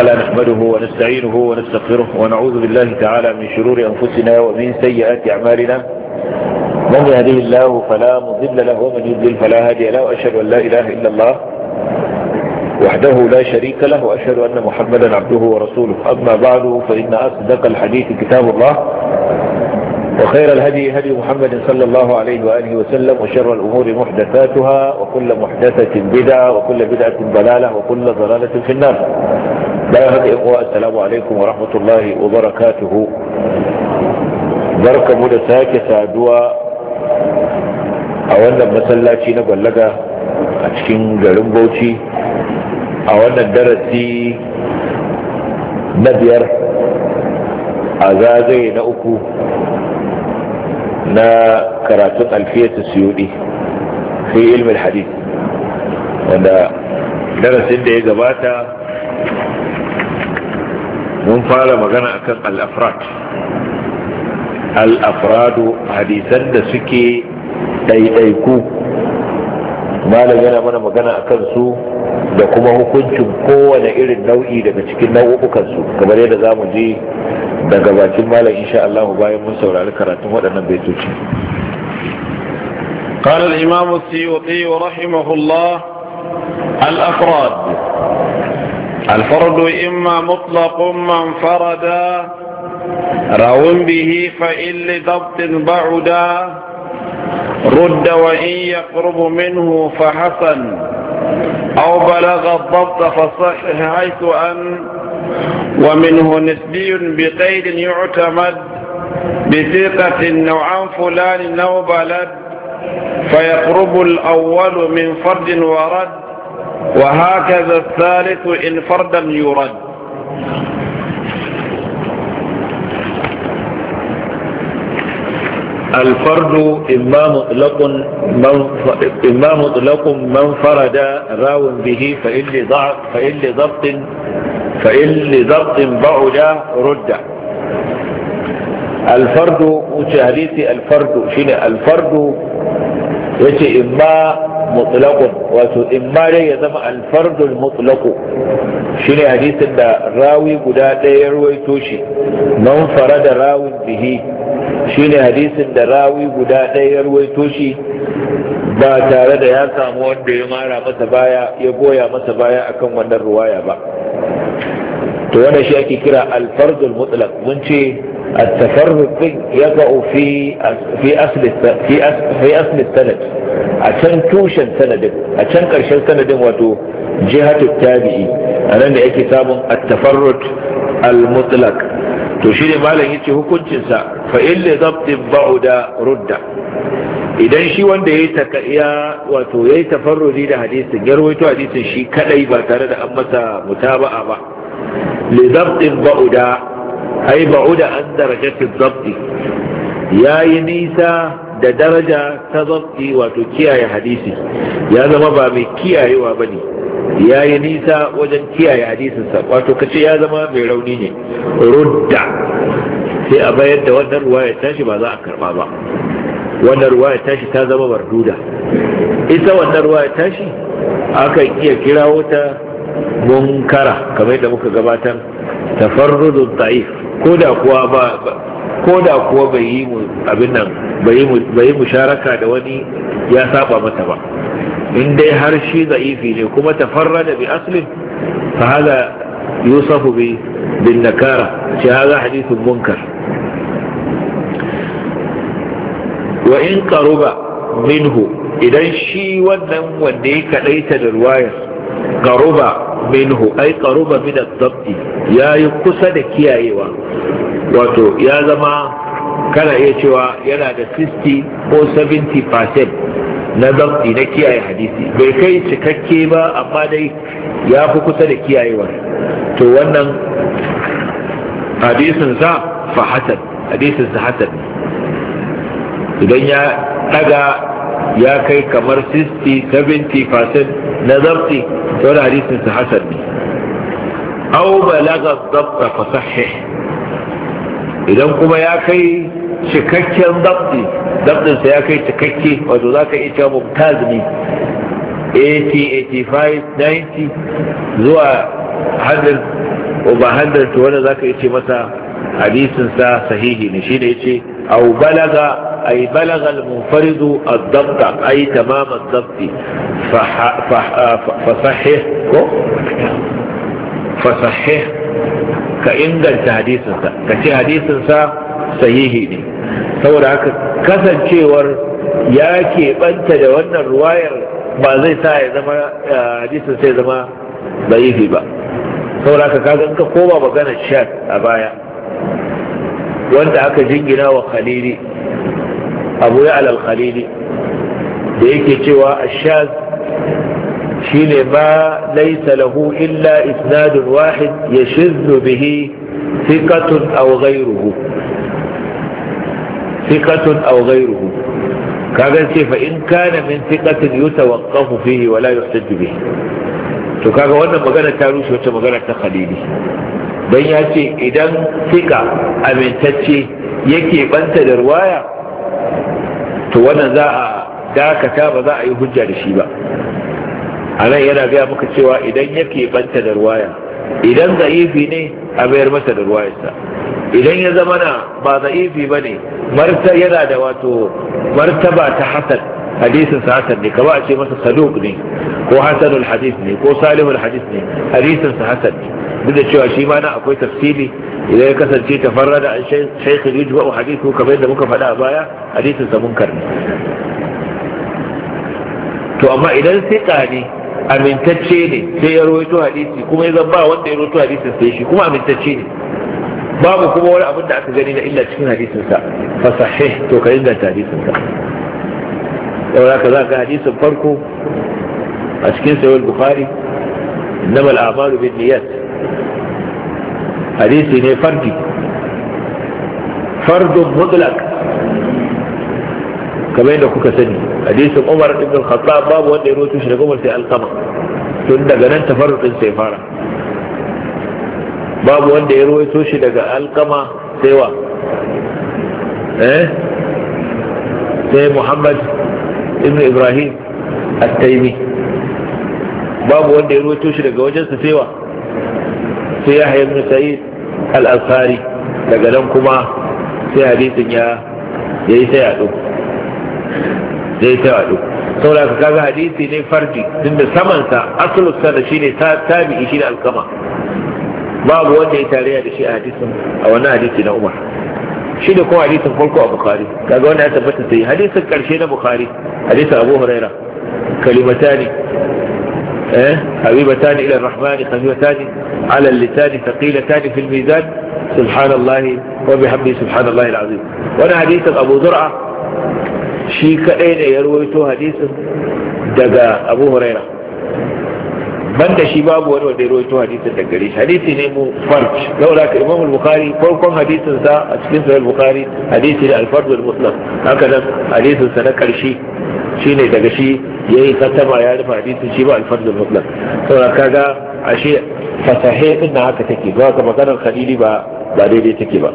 ألا نحمده ونستعينه ونستغفره ونعوذ بالله تعالى من شرور أنفسنا ومن سيئات أعمالنا من يهده الله فلا مضل له ومن يضلل فلا هادي له وأشهد أن لا إله إلا الله وحده لا شريك له وأشهد أن محمدا عبده ورسوله أما بعد فإن أصدق الحديث كتاب الله وخير الهدي هدي محمد صلى الله عليه وآله وسلم وشر الأمور محدثاتها وكل محدثة بدعة وكل بدعة ضلالة وكل ضلالة في النار bayan haka yan uwa assalamu alaikum wa rahmatullahi wa barakatuhu barkamu da sake saduwa a wannan masallaci na ballaga a cikin garin bauchi a wannan darasi na biyar a zagaye na uku na karatun alfiyatu siyudi fi ilmin hadith wanda darasin da ya gabata mun fara magana akan al-afrad al hadisan da suke ɗaiɗaiku malam yana mana magana akan su da kuma hukuncin kowane irin nau'i daga cikin nau'ukansu su kamar yadda za mu je daga bakin malam insha Allah bayan mun saurari karatun waɗannan baitoci قال الإمام السيوطي رحمه الله الأفراد الفرد إما مطلق منفردا رو به فإن لضبط بعدا رد وإن يقرب منه فحسن أو بلغ الضبط فصح حيث أن ومنه نسبي بقيد يعتمد بثقة نوعا فلان أو بلد فيقرب الأول من فرد ورد وهكذا الثالث إن فردا يرد الفرد إما مطلق من, إما مطلق من فرد راو به فإن لضعف فإن لضبط فإن لضبط بعد رد الفرد وشهريتي الفرد شنو الفرد يتي إما mutlaqun wato in ma dai ya zama alfardul mutlaqu shine hadisin da rawi guda ɗaya ya ruwaito shi man farada rawin bihi shine hadisin da rawi guda ɗaya ya ruwaito shi ba tare da ya samu wanda ya mara masa baya ya goya masa baya akan wannan ruwaya ba to wannan shi ake kira al-fard mutlaq mun ce at-tafarruq yaqa'u fi fi asl fi fi asl sanad a can tushen sanadin a can karshen sanadin wato jihatu tabi'i anan da yake samun at-tafarruq al-mutlaq to shi ne malam yace hukuncin sa fa in li dhabtin ba'da rudda idan shi wanda ya ta ya wato yayi tafarrudi da hadisin ya rawaito hadisin shi kadai ba tare da an masa mutaba'a ba لضبط بعدا أي بعد عن درجة الضبط يا ينيسا da daraja ta zafi wato kiyaye hadisi ya zama ba mai kiyayewa ba ne ya yi nisa wajen kiyaye hadisinsa wato kace ya zama mai rauni ne rudda sai a bayar da wannan ruwaya tashi ba za a karba ba wannan ruwaya tashi ta zama barduda ita wannan ruwaya tashi akan iya kira ta munkara kamar yadda muka gabatar tafarrudun da'if ko da kuwa ba kuwa bai yi mu abin nan bai yi musharaka da wani ya saba mata ba in dai har shi za'ifi ne kuma tafarrada bi aslin fa hada yusafu bi bin nakara shi hada hadithun munkar wa in qaruba minhu idan shi wannan wanda ya kadaita da ruwayar qaruba minhu ay qaruba min ad-dabt yayi kusa da kiyayewa wato ya zama kana iya cewa yana da 60 ko 70% na dabti na kiyaye hadisi bai kai cikakke ba amma dai ya fi kusa da kiyayewa to wannan hadisin sa fa hasan hadisin sa hasan idan ya daga ya kai kamar 60 70% na zabti to wani hadisin sa hasan ne aw balagha dhabta idan kuma ya kai cikakken dabdi dabdin sa ya kai cikakke wato za iya 80 85 90 zuwa 100 over 100 to wanda za iya ce masa hadisinsa sahihi ne shi ne ya au balaga أي بلغ المنفرد الضبط أي تمام الضبط فح فح sahihi ne saboda haka kasancewar ya keɓanta da wannan ruwayar ba zai sa ya zama hadisin sai zama da'ifi ba saboda haka kaga in ka koma maganar shan a baya wanda aka jingina wa khalili abu ya alal da yake cewa ashaz shine ma laysa lahu illa isnadun wahid yashizzu bihi thiqatun aw ghayruhu thiqatun aw ghayruhu kaga ce fa in kana min thiqatin yutawaqqafu fihi wala la yuhtaju bihi to kaga wannan magana ta rushe wata magana ta khalili dan ya ce idan thiqa amintacce yake banta da ruwaya to wannan za a dakata ba za a yi hujja da shi ba a nan yana gaya muka cewa idan yake banta da ruwaya idan za'ifi ne a mayar masa da ruwayarsa idan ya zama na ba za'ifi ba ne marta yana da wato martaba ta hasan hadisin sa ne kama a ce masa saduk ne ko hasanul hadis ne ko salimul hadis ne hadisin sa ne duk da cewa shi ma na akwai tafsiri idan ya kasance ta farra tafarrada an shaykhin yujba'u hadithu kamar yadda muka faɗa a baya hadithin sa munkar ne to amma idan siqa ne amintacce ne sai ya rawaito hadisi kuma ya zamba wanda ya rawaito hadisin sai shi kuma amintacce ne babu kuma wani abin da aka gani na illa cikin hadisin sa fa to ka inganta hadisin sa yau zaka zaka hadisin farko a cikin sahih bukhari innamal bin binniyat hadisi ne fardi fardun mutlaq kamar yadda kuka sani hadisin umar ibn al-khattab babu wanda ya roto shi daga umar sai alkama tun daga nan tafarrudin sai fara babu wanda ya roto shi daga alkama sai wa eh sai muhammad ibn ibrahim at-taymi babu wanda ya roto shi daga wajensa sai wa sai ya hayi ibn sa'id al-ansari daga nan kuma sai hadisin ya yi sai a duk sai a wadu saboda ka kaga hadisi ne fardi samansa saman sa aslus sana shine shi shine alkama babu wanda ya tarayya da shi a hadisin a wannan hadisi na Umar shi da kuma hadisin farko a Bukhari kaga wanda ya tabbata sai hadisin karshe na Bukhari hadisin Abu Huraira kalimatani حبيبتان إلى الرحمن خفيفتان على اللسان ثقيلتان في الميزان سبحان الله وبحمده سبحان الله العظيم وانا حديث أبو زرعة شي كأين يرويته حديث دقا أبو هريرة من da shi babu wani wanda ya rawaito hadisin da gare shi hadisi ne mu farj laula ka imamu al-bukhari farkon hadisin sa a cikin sahih al-bukhari hadisi ne nan na karshe shine daga shi yayi katama ya rufa hadisi shi ba alfardul mutlaq to kaga ashe fasahe din na haka take ba ga maganar khalili ba ba daidai take ba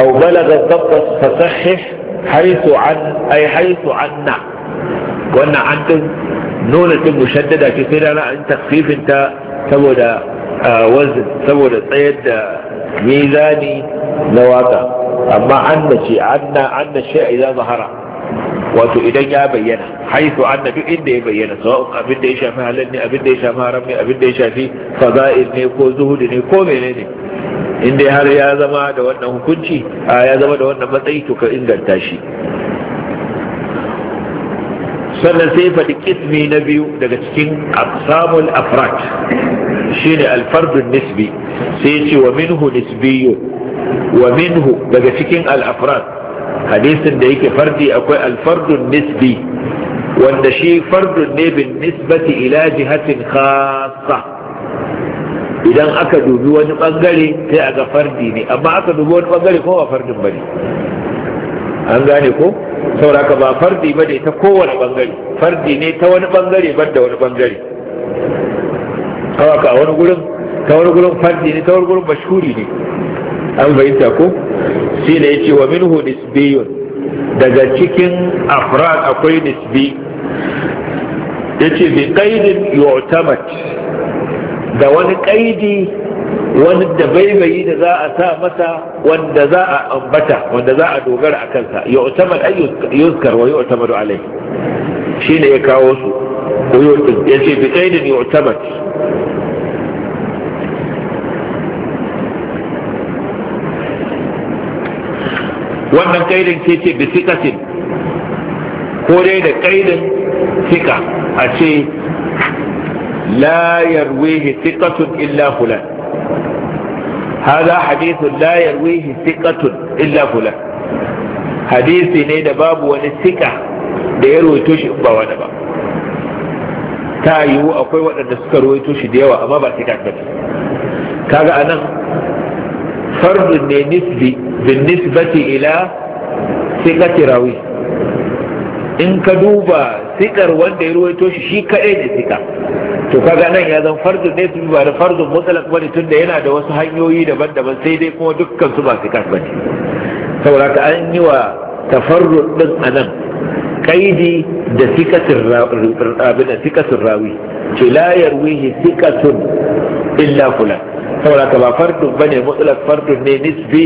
أو بلغ الضبط فصحح حيث عن أي حيث عنا وأن عن نونة مشددة كثيرة لا أن تخفيف أنت سود وزن سود صيد ميزاني نواقع amma anna ce anna zahara wato idan ya bayyana haitu anna duk inda ya bayyana sawa'un abin da ya shafi halal ne abin da ya shafi haram ne abin da ya shafi fada'il ne ko zuhudi ne ko ne? inda har ya zama da wannan hukunci ya zama da wannan matsayi to ka inganta shi sannan sai faɗi kismi na biyu daga cikin samun afrat shine alfardun nisbi sai ce wa minhu nisbiyu wa minhu daga cikin al hadisin da yake fardi akwai al-fardun nisbi wanda shi fardun ne bin nisbati ila jihatin khassa idan aka dubi wani bangare sai a ga ne amma aka dubi wani bangare ko ba fardin an gane ko sauraka ba fardi ba ne ta kowane bangare fardi ne ta wani bangare ban da wani bangare a wani gurin ne ta wani gurin ne an fahimta ko shi ne yace wa minhu nisbiyun daga cikin afrad akwai nisbi yace bi qaidin yu'tamad da wani kaidi wani da baibayi da za a sa masa wanda za a ambata wanda za a dogara a kansa yu'tamad ay yuzkar wa yu'tamadu alayhi shine ya kawo su ko yace bi qaidin yu'tamad wannan kaidin ce ce bi sikatin ko dai da kaidin sika a ce la yarwihi sikatun illa fulan هذا حديث لا يرويه ثقة illa فلان hadisi ne da babu wani sika da ya roito shi ba wani ba ta yiwu akwai waɗanda suka roito shi da yawa amma ba sika ba kaga anan fardun ne nisbi بالنسبة in ka duba إن wanda ya ruwaito يروي shi شي كأين ثقة to kaga nan ya zan farzin ne su ba da farzin mutlak bane tunda yana da wasu hanyoyi daban-daban sai dai kuma dukkan su ba sikat ne saboda ka an yi wa ɗin a nan. kaidi da sikatin rawi da sikatin rawi ce la yarwihi sikatun illa fulan saboda ka ba fardun bane mutlaq fardun ne nisbi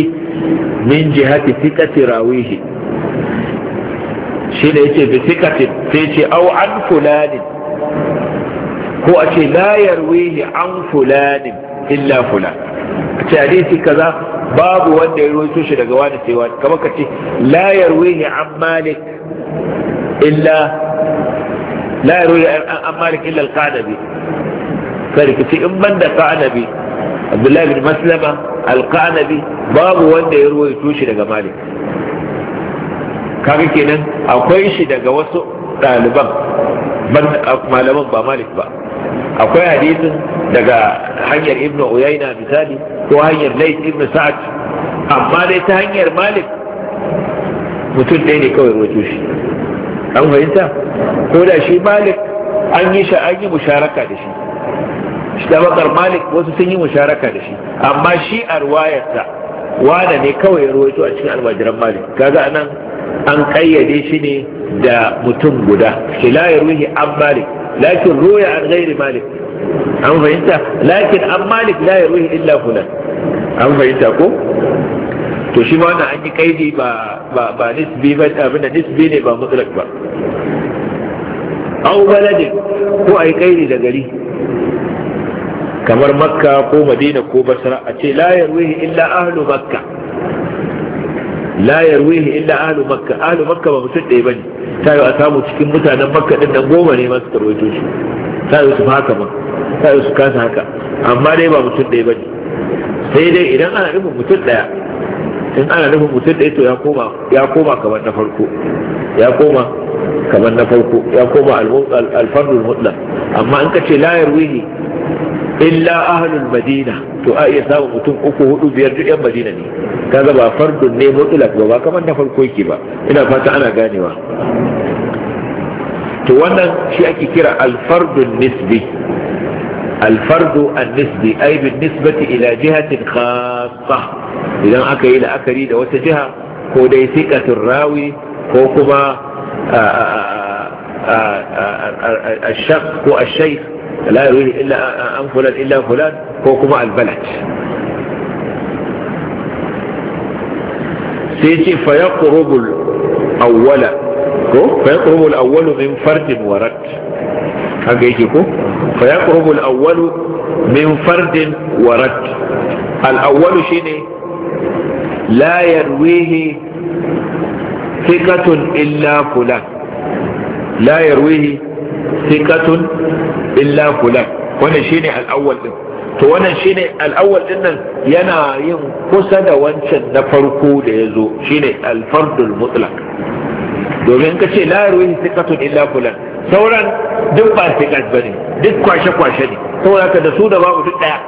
min jihati thiqati rawihi shi ne yace bi thiqati sai ce au an fulanin. ko a ce la yarwihi an fulanin illa fulan a ce hadisi kaza babu wanda ya ruwaito shi daga wani sai wani kamar ka ce la yarwihi an malik illa la yarwihi an malik illa al-qanabi sai ka ce in banda qanabi abdullahi bin maslama alqanabi babu wanda ya ruwaito shi daga malik kaga kenan akwai shi daga wasu ɗaliban malaman ba malik ba akwai hadisin daga hanyar ibn uyayna misali ko hanyar lais ibn sa'ad amma dai ta hanyar malik mutum ɗaya ne kawai ruwaito shi an fahimta ko da shi malik an yi shi, an yi musharaka da shi shi bakar malik wasu sun yi musharaka da shi amma shi a ruwayarsa wane ne kawai ya ruwaito a cikin almajiran malik kaga anan an kayyade shi ne da mutum guda shi la ya ruhi an malik lakin ruya an gairi malik an fahimta lakin an malik la ya ruhi illa fulan an fahimta ko to shi ma wannan an yi kaidi ba ba ba nisbi ba abin da nisbi ne ba mutlak ba aw baladin ko ai kaidi da gari kamar makka ko madina ko basra a ce layar yarwihi illa ahlu makka la yarwihi illa ahlu makka ahlu makka ba mutum ɗaya bane ta yi a samu cikin mutanen makka ɗin nan goma ne masu tarwaito shi ta yi su haka ma ta yi su kasa haka amma dai ba mutum ɗaya bane sai dai idan ana nufin mutum ɗaya in ana nufin mutum ɗaya to ya koma ya koma kamar na farko ya koma kamar na farko ya koma alfarnul mutlaq amma in ka ce layar yarwihi illa ahlul madina to a iya samun mutum uku hudu biyar duk yan madina ne kaga ba fardun ne mutlak ba ba kamar na farko yake ba ina fata ana ganewa to wannan shi ake kira alfardun nisbi الفرد النسبي أي بالنسبة إلى جهة خاصة إذا أكا إلى أكري دا وتجهة هو دي ثقة الراوي هو كما الشخص هو الشيخ la yarwi illa an fulan illa fulan ko kuma albalad sai ce fa yaqrubu awwala ko fa yaqrubu al-awwalu min fardin wa rad haka yake ko fa yaqrubu al-awwalu min fardin wa shine la illa illa fulan wannan shine al-awwal din to wannan shine al din nan yana yin kusa da wancan na farko da yazo shine al-fardul mutlaq domin ka ce la ruhi thiqatun illa fulan sauran duk ba thiqat bane duk kwashe kwashe ne saboda ka da su da babu duk daya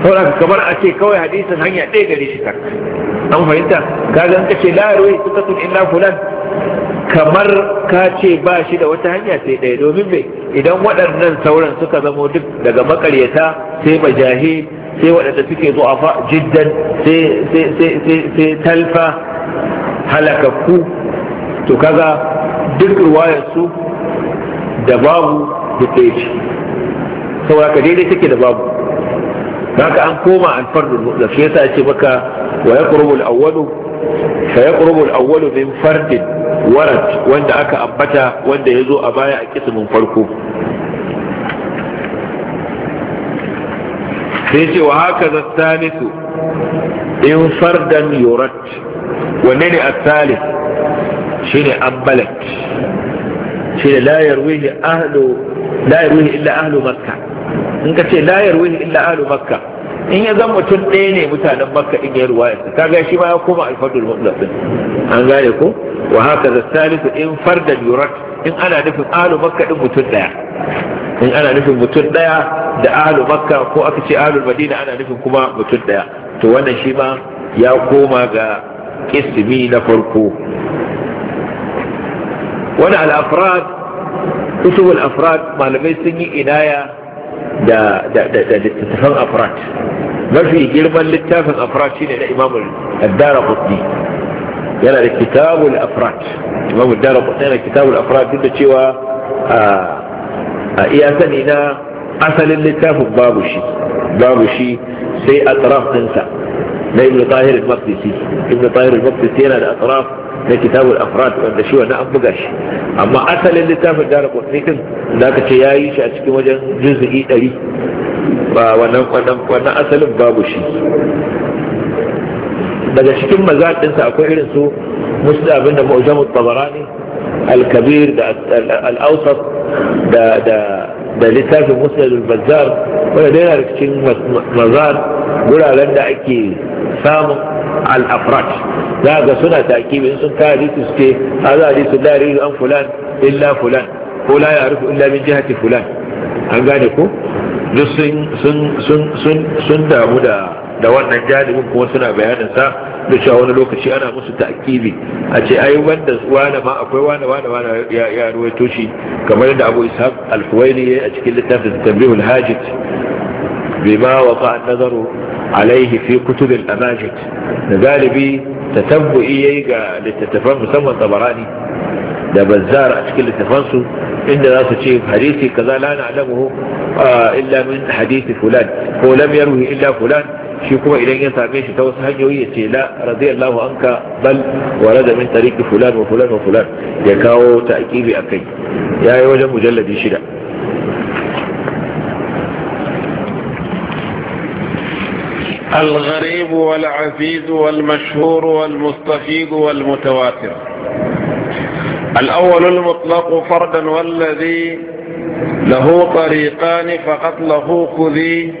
saboda kamar a ce kawai hadisin hanya ɗaya gare shi ta an fahimta kaga ka ce la ruhi thiqatun illa fulan kamar ka ce ba shi da wata hanya sai ɗaya domin mai idan waɗannan sauran suka zamo duk daga makaryata sai majahi sai waɗanda suke zo a jiddan sai talfa halakakku to kaga duk su da babu da ɗaya ce saboda ka daidai take da babu haka an koma alfardun da shi yasa ce maka wa yaqrubu al-awwalu al-awwalu min fardin warat wanda aka ambata wanda ya zo a baya a kisimin farko sai ce wa haka za salisu in fardan yurat wanne ne asalis shi ne ambalat shi ne layar wuhi illa ahlu makka in ka ce layar wihi illa ahlu makka in ya zan mutum ɗaya ne mutanen makka in ya ruwaya ta ga shi ma ya koma alfadul mutlaq an gane ko wa haka da salisu in fardan yurat in ana nufin alu makka din mutum ɗaya in ana nufin mutum ɗaya da alu makka ko aka ce alu madina ana nufin kuma mutum ɗaya to wannan shi ma ya koma ga ismi na farko wani al-afrad kutubul afrad malamai sun yi inaya da littattafan afrat mafi girman littafin afrat shine na imamul addara kudi yana da kitabul afrat imamul addara kudi yana kitabul afrat duk da cewa a iya sani na asalin littafin babu shi babu shi sai atraf ɗinsa na ibn tahir al-maqdisi ibn tahir al-maqdisi yana da atraf na kitabul afrad wanda shi wannan an buga shi amma asalin littafin dara kutsi din da aka ce yi shi a cikin wajen juz'i 100 ba wannan wannan wannan asalin babu shi daga cikin mazad ɗinsa akwai irin su da abinda mu'jamut tabarani al-kabir da al-awsat da da da littafin musnad al-bazzar wanda da yana cikin mazar guraren da ake samun al-afrad za ga suna takibi sun ka hadisi su ce hadha hadisu la yaridu an fulan illa fulan ko la ya'rifu illa min jihati fulan an gane ko sun damu da wannan jalibin kuma suna bayanin sa da cewa wani lokaci ana musu ta'kibi a ce ai wanda wani ma akwai wani wani wani ya ruwaito shi kamar yadda Abu Ishaq al-Huwaini a cikin littafin Tabrihul Hajit bima waqa an-nazaru alaihi fi kutubin amajid da galibi tatabbu'i yayi ga littattafan musamman tabarani da bazzar a cikin littafansu inda za su ce hadisi kaza la na'lamuhu illa min hadisi fulan ko lam yarwi illa fulan shi kuma idan ya same shi ta wasu hanyoyi ya ce la radiyallahu anka bal warada min tariqi fulan wa fulan wa fulan ya kawo ta'kibi akai yayi wajen mujalladi shida الغريب والعزيز والمشهور والمستفيد والمتواتر الأول المطلق فردا والذي له طريقان فقط له خذي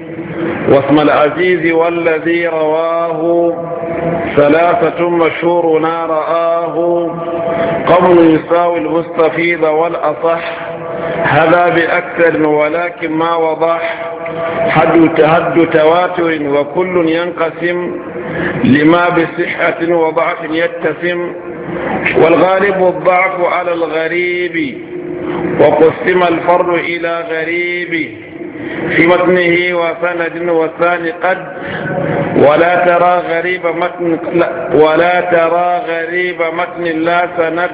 واسم العزيز والذي رواه ثلاثة مشهورنا رآه قول يساوي المستفيد والأصح هذا بأكثر ولكن ما وضح حد تهد تواتر وكل ينقسم لما بصحة وضعف يتسم والغالب الضعف على الغريب وقسم الفرد إلى غريب في متنه وسند والثاني قد ولا ترى غريب متن ولا ترى غريب متن لا سند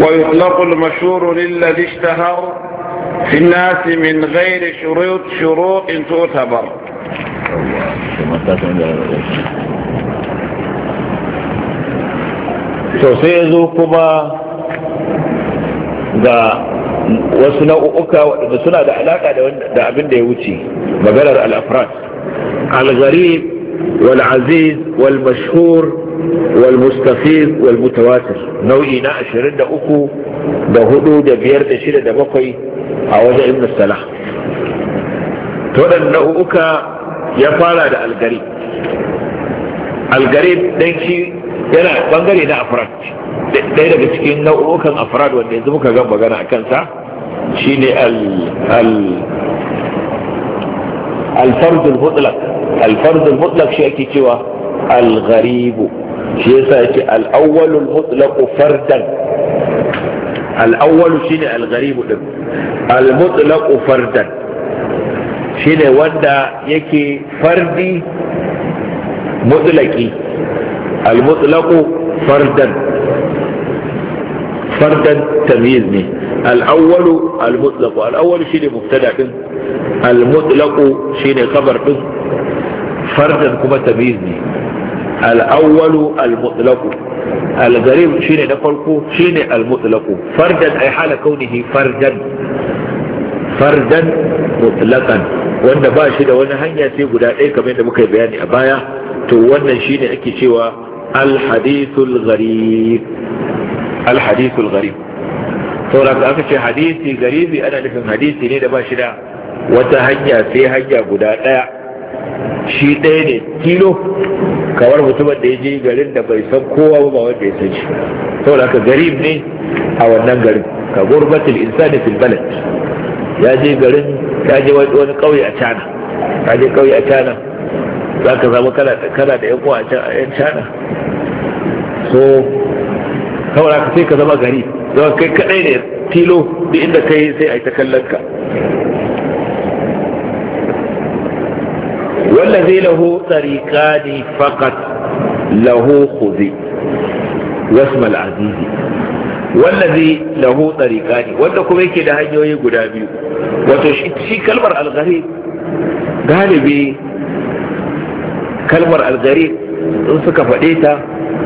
ويطلق المشهور للذي اشتهر في الناس من غير شروط شروط تعتبر توسيزو كما دا وسنا اوكا وسنا دا علاقة دا عبن دا يوتي مغرر الافراد الغريب والعزيز والمشهور والمستفيض والمتواتر نوعي نا 23 da 4 da 5 da 6 da 7 a wajen ibn salah to dan ya fara da yana bangare na afrad ɗaya daga cikin nau'ukan afrad wanda yanzu muka ga magana a kansa shine al alfardul mutlak alfardul mutlak shi ake cewa algharibu shi yasa yake al'awwalul mutlaq fardan al'awwalu shine algharibu din al-mutlaq fardan ne wanda yake fardi mutlaqi al-mutlaq fardan tamyiz ne al'awwalu awwalu al-mutlaq al-awwalu shine mubtada din al-mutlaq shine khabar din fardan kuma tamyiz ne al'awwalu awwalu al-mutlaq al-gharib shine na farko shine al-mutlaq fardan ay hala kaunihi fardan fardan mutlaqan wanda ba shi da wani hanya sai guda ɗaya kamar yadda muka yi bayani a baya to wannan shine ake cewa al-hadithul gharib alhadithul gharib saboda ka aka ce hadisi garibi ana nufin hadisi ne da ba shi da wata hanya sai hanya guda ɗaya shi ɗaya ne kilo kamar mutumin da ya je garin da bai san kowa ba wanda ya san shi saboda ka garib ne a wannan garin ka gurbatul insani fil balad ya je garin ya je wani ƙauye a cana ya je ƙauye a cana za ka zama kana da yan uwa a cana so saboda ka sai ka zama gari zama kai kadai ne tilo duk inda ka yi sai a yi ta kallon ka Wanda wallazi lahu tariqani faqat lahu khudhi wasma al-aziz wallazi lahu tariqani wanda kuma yake da hanyoyi guda biyu wato shi kalmar al'gari, galibi kalmar al'gari. in suka faɗe ta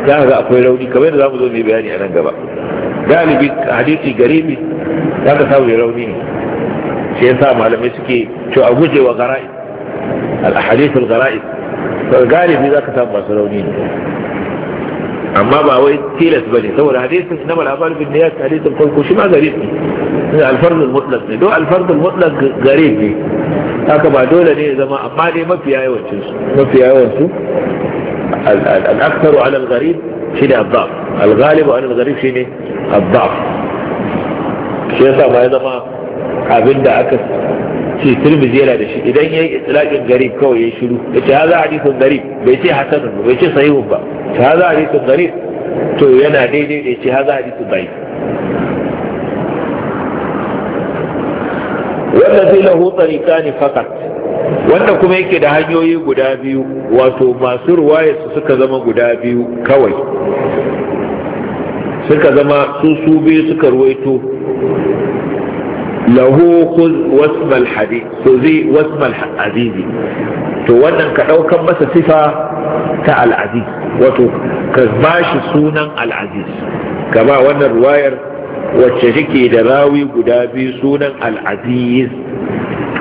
za ga akwai rauni kamar da za zo mai bayani a nan gaba galibi hadisi garibi za ka samu rauni ne shi yasa malamai suke to a guje wa gara'i al hadisul gara'i galibi za ka samu masu rauni ne amma ba wai tilas bane saboda hadisin inna mal amal bin niyyat hadisin farko shi ma garib ne al-fard al-mutlaq ne do al-fard al-mutlaq garib ne haka ba dole ne ya zama amma dai mafiya yawancin su mafiya yawancin su الأكثر على الغريب شنو الضعف الغالب على الغريب شنو الضعف شيئا ما هذا ما عبد عكس في سلم زيلا هذا إذا هي إطلاق غريب كوي شنو إذا هذا حديث غريب بيتي حسن بيتي صحيح با هذا حديث غريب تو ينا دي دي إذا هذا حديث ضعيف له طَرِيقَانِ فقط wanda kuma yake da hanyoyi guda biyu wato masu ruwaya su suka zama guda biyu kawai suka zama su su biyu suka ruwaito lahu khuz wasmal hadi to zai wasmal azizi to wannan ka daukan masa sifa ta al'aziz wato ka bashi sunan al'aziz ka ba wannan ruwayar wacce take da rawi guda biyu sunan al'aziz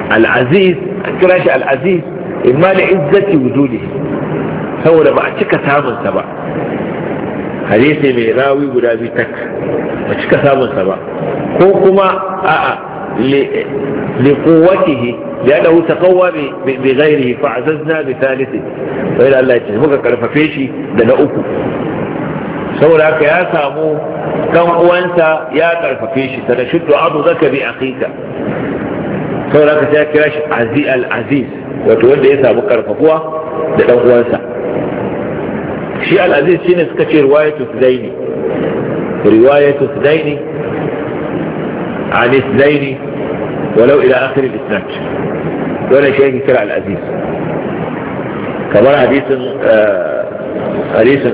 al'aziz a kira shi al'aziz imma da izzati wujudi saboda ba a cika samunsa ba hadisi mai rawi guda biyu tak ba cika samunsa ba ko kuma a'a لقوته لأنه تقوى ya karfafe shi وإلى الله يتجه مكا كرفا فيشي دنأكو سوى لك ya سامو كم وانت يا كرفا فيشي سنشد عضدك بأخيك kawai haka sai ya kira shi aziz al-aziz wato wanda ya samu karfafuwa da dan uwansa shi al-aziz shine suka ce riwayatu zaini riwayatu zaini zaini walau sudaini عن اثنين ولو الى اخر الاسناد ولا شيء kamar العزيز كمان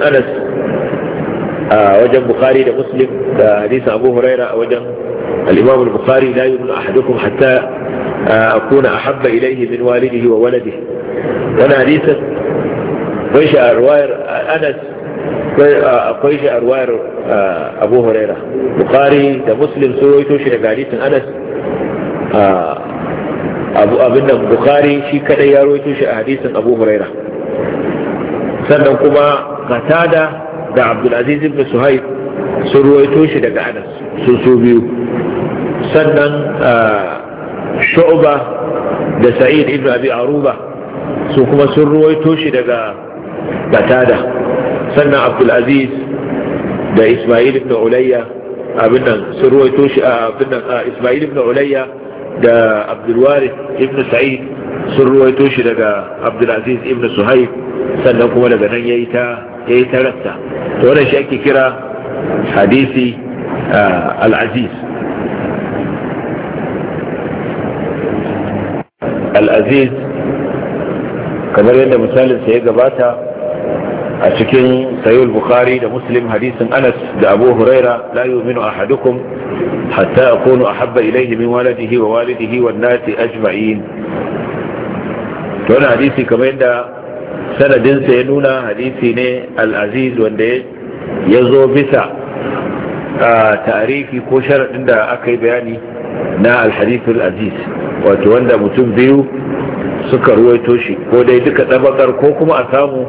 anas a wajen bukhari da muslim da لمسلم abu ابو a wajen الامام البخاري لا يؤمن احدكم حتى أكون أحب إليه من والده وولده وانا حديثا قيش أرواير أنس قيش أرواير أبو هريرة بخاري ده مسلم سويته شيء حديث أنس أبو أبن بخاري شي كده يرويته شيء حديث أبو هريرة sannan kuma katada da abdulaziz ibn suhaib sun ruwaito shi daga anas sun su biyu sannan shu'ba da sa'id ibn abi aruba su kuma sun ruwaito shi daga batada sannan aziz da ismail ibn ulayya abin nan sun ruwaito shi abin nan ismail ibn ulayya da abdulwarith ibn sa'id sun ruwaito shi daga Abdul aziz ibn suhaib sannan kuma daga nan ya yi ta rasta to wannan shi ake kira hadisi al-aziz al'aziz kamar yadda sa ya gabata a cikin sayul bukari da muslim hadisin anas da abu huraira la yuminu ahadukum hatta a ahabba ilayhi min waladihi wa walidihi wan nasi ajma'in to hadisi kamar yadda sanadinsa ya nuna hadisi ne al-aziz wanda ya zo bisa a tarihi ko sharaɗin da aka yi bayani na al-hadith al-aziz wato wanda mutum biyu suka ruwaito shi ko dai duka ɗabakar ko kuma a samu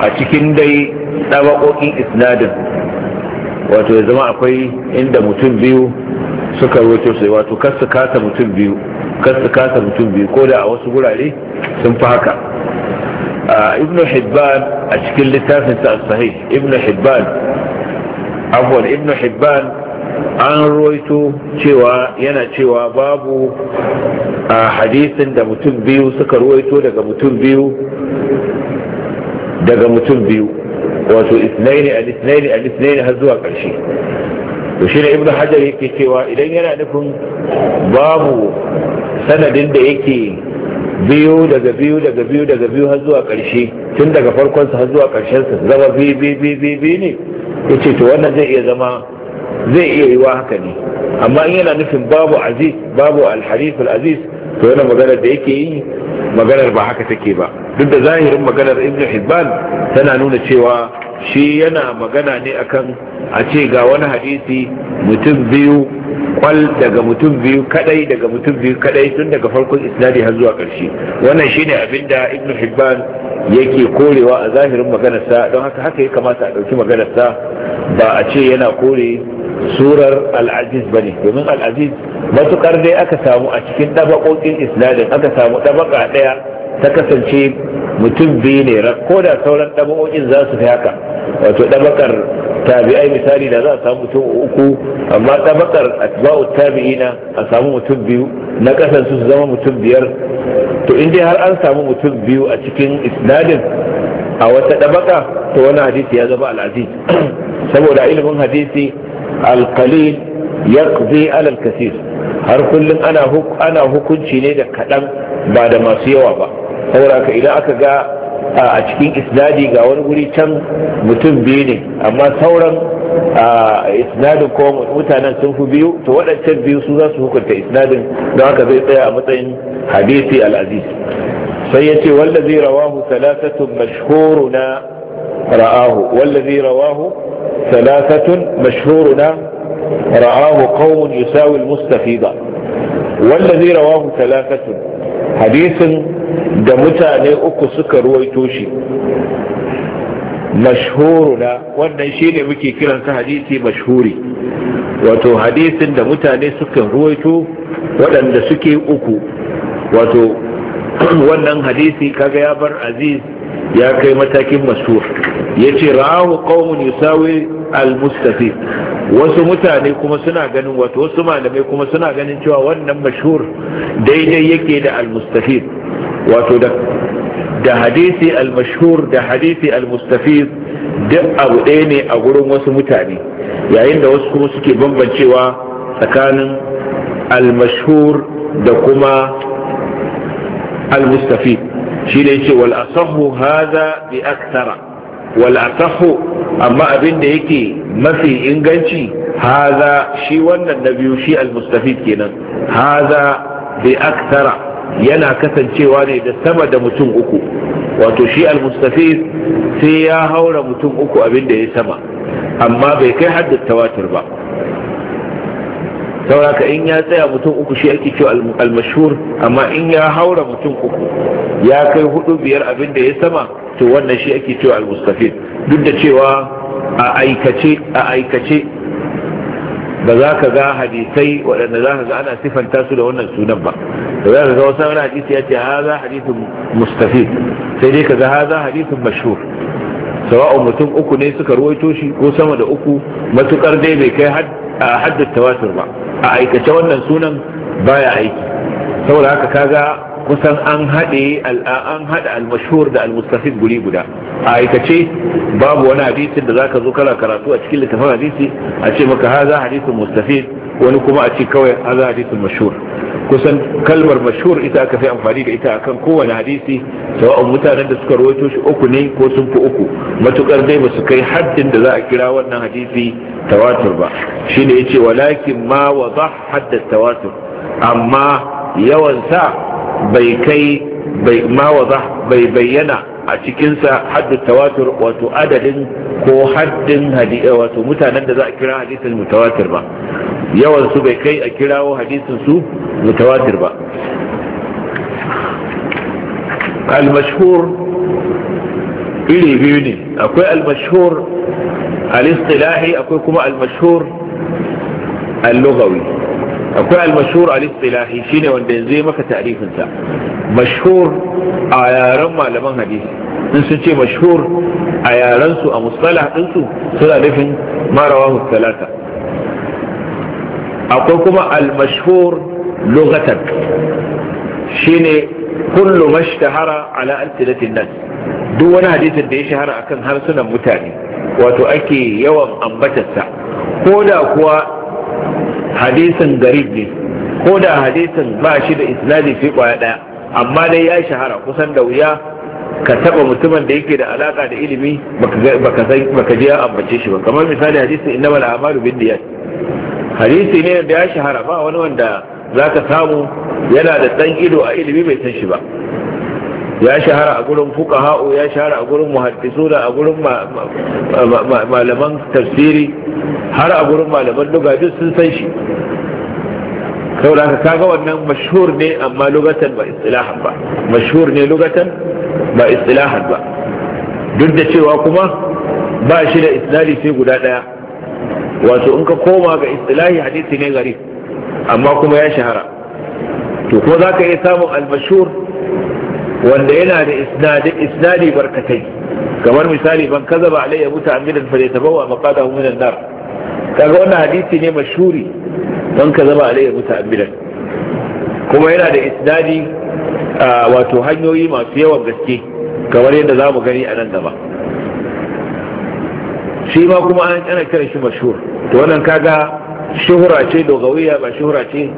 a cikin dai ɗabakokin isnadin wato ya zama akwai inda mutum biyu suka ruwaito toshi wato kasta kasa mutum biyu kasta kasa mutum biyu ko da a wasu gurare sun fi haka ibn hibban a cikin littafin sa sahih ibn hibban abuwan ibn hibban an roito cewa yana cewa babu a hadisin da mutum biyu suka roito daga mutum biyu daga mutum biyu wato isnaini a isnaini a isnaini har zuwa ƙarshe to ne ibnu hajar yake cewa idan yana nufin babu sanadin da yake biyu daga biyu daga biyu daga biyu har zuwa ƙarshe tun daga farkonsa har zuwa ƙarshensa zama bi bi bi bi ne yace to wannan zai iya zama zai iya yiwa haka ne amma in yana nufin babu aziz babu alharif aziz to yana maganar da yake yi maganar ba haka take ba duk da zahirin maganar ibn hibban tana nuna cewa shi yana magana ne akan a ce ga wani hadisi mutum biyu kwal daga mutum biyu kadai daga mutum biyu kadai tun daga farkon isnadi har zuwa karshe wannan shine abin da ibn hibban yake korewa a zahirin maganarsa don haka haka ya kamata a ɗauki maganarsa ba a ce yana kore surar al'aziz ba ne domin al'aziz matukar dai aka samu a cikin ɗabaƙoƙin isnadin aka samu ɗabaƙa ɗaya ta kasance mutum biyu ne ko da sauran ɗabaƙoƙin za su fi haka wato ɗabaƙar tabi'ai misali da za a samu mutum uku amma ɗabaƙar atba'u tabi'ina a samu mutum biyu na ƙasar su zama mutum biyar to in dai har an samu mutum biyu a cikin isnadin a wata ɗabaƙa to wani hadisi ya zama al'aziz saboda ilimin hadisi alkalil yaqdi ala alkasir har kullum ana ana hukunci ne da kaɗan ba da masu yawa ba saboda idan aka ga a cikin isnadi ga wani guri can mutum biyu ne amma sauran isnadin ko mutanen sun fi biyu to waɗancan biyu su za su hukunta isnadin don haka zai tsaya a matsayin hadisi al-aziz sai yace ce wallazi rawahu thalathatun mashhuruna ra'ahu wallazi rawahu ثلاثة مشهورنا رآه قوم يساوي المستفيضة والذي رواه ثلاثة حديث دمتا لأك سكر ويتوشي mashhuruna wannan shine muke kiransa hadisi mashhuri wato hadisin da mutane suka ruwaito waɗanda suke uku wato wannan hadisi kaga ya bar aziz ya kai matakin masuwa ya ce ra'ahu qaumun yusawi al-mustafi wasu mutane kuma suna ganin wato wasu malamai kuma suna ganin cewa wannan mashhur daidai yake da al-mustafi wato da da hadisi al-mashhur da hadisi al-mustafi duk abu ɗaya ne a gurin wasu mutane yayin da wasu kuma suke bambancewa tsakanin al-mashhur da kuma al-mustafi shi ne ce wal asahu bi amma abin da yake mafi inganci haza shi wannan na biyu shi al kenan haza bi akthara yana kasancewa ne da sama da mutum uku wato shi al sai ya haura mutum uku abin da ya sama amma bai kai haddata tawatir ba sauraka in ya tsaya mutum uku shi ake cewa almashhur amma in ya haura mutum uku ya kai hudu biyar abin da ya sama to wannan shi ake cewa almustafid duk da cewa a aikace a aikace ba za ka ga hadisai waɗanda za ka ga ana sifanta su da wannan sunan ba da za ka ga wasu wani hadisi ya ce haza hadisin mustafid sai dai ka ga haza hadisin mashhur sawa'un mutum uku ne suka ruwaito shi ko sama da uku matukar dai bai kai a haddar tawatur ba a aikace wannan sunan baya aiki saboda haka kaga kusan an haɗe an haɗa almashhur da almustafid guri guda a aikace babu wani hadisin da zaka zo kana karatu a cikin littafin hadisi a ce maka haza hadisin mustafid wani kuma a ce kawai haza hadisin mashhur kusan kalmar mashhur ita aka fi amfani da ita akan kowane hadisi sawa'un mutanen da suka rawaito shi uku ne ko sun fi uku matukar dai ba su kai haddin da za a kira wannan hadisi tawatur ba shine yace walakin ma wadah hadda tawatur amma yawan sa bai kai bai ma bai bayyana a cikinsa haddun tawatur wato adadin ko haddin eh, wato mutanen da za a kira hadisin mutawatir ba yawan su bai kai a kirawo hadisin su mutawatir ba al-mashhur iri biyu ne akwai al-mashhur al-istilahi akwai kuma al-mashhur al-lughawi akwai almashur mashhur al-istilahi shine wanda yanzu maka ta'rifin sa mashhur a yaran malaman hadisi in sun ce mashhur a yaran su a mustalah din su suna nufin ma talata akwai kuma al Lugatan lughatan shine kullu mashtahara ala alsilatin nas duk wani hadisin da ya shahara akan harsunan mutane wato ake yawan ambatarsa ko da kuwa hadisin garib ne ko da hadisin ba shi da isnadi fi kwaya daya amma dai ya shahara kusan da wuya ka taba mutumin da yake da alaka da ilimi baka je ya ambace shi ba kamar misali hadisin innamal a'malu binniyat hadisi ne da ya shahara ba wani wanda zaka samu yana da dan ido a ilimi bai san shi ba ya shahara a gurin fuqaha'u ya shahara a gurin muhaddisuna a gurin malaman tafsiri har a gurin malaman lugha sun san shi saboda haka kaga wannan mashhur ne amma lugatan ba istilahan ba mashhur ne lugatan ba istilahan ba duk da cewa kuma ba shi da isnadi sai guda daya wato in ka koma ga istilahi hadisi ne gari amma kuma ya shahara to ko za ka iya samun al almashhur wanda yana da isnadi barkatai kamar misali ban kazaba alayya muta'ammidan fa bawa maqadahu min minan nar kaga wannan hadisi ne mashhuri ban kazaba alayya muta'ammidan kuma yana da isnadi wato hanyoyi masu yawan gaske kamar yadda za mu gani a nan gaba shi ma kuma an ana kiran shi mashhur to wannan kaga shuhura ce dogawiya ba shuhura ce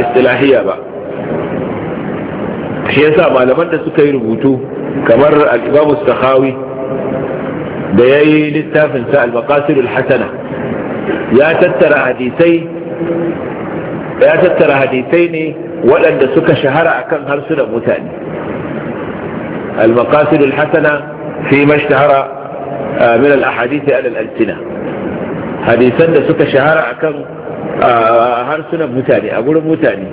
istilahiya ba shi yasa malaman da suka yi rubutu kamar al-imamu sakhawi da ya yi littafin sa al-maqasidul hasana ya tattara hadisai ya tattara hadisai ne waɗanda suka shahara akan harsunan mutane al-maqasidul hasana fi mashtahara ah, min al-ahadith ala al altina hadisan da suka shahara akan ah, harsunan mutane a gurin mutane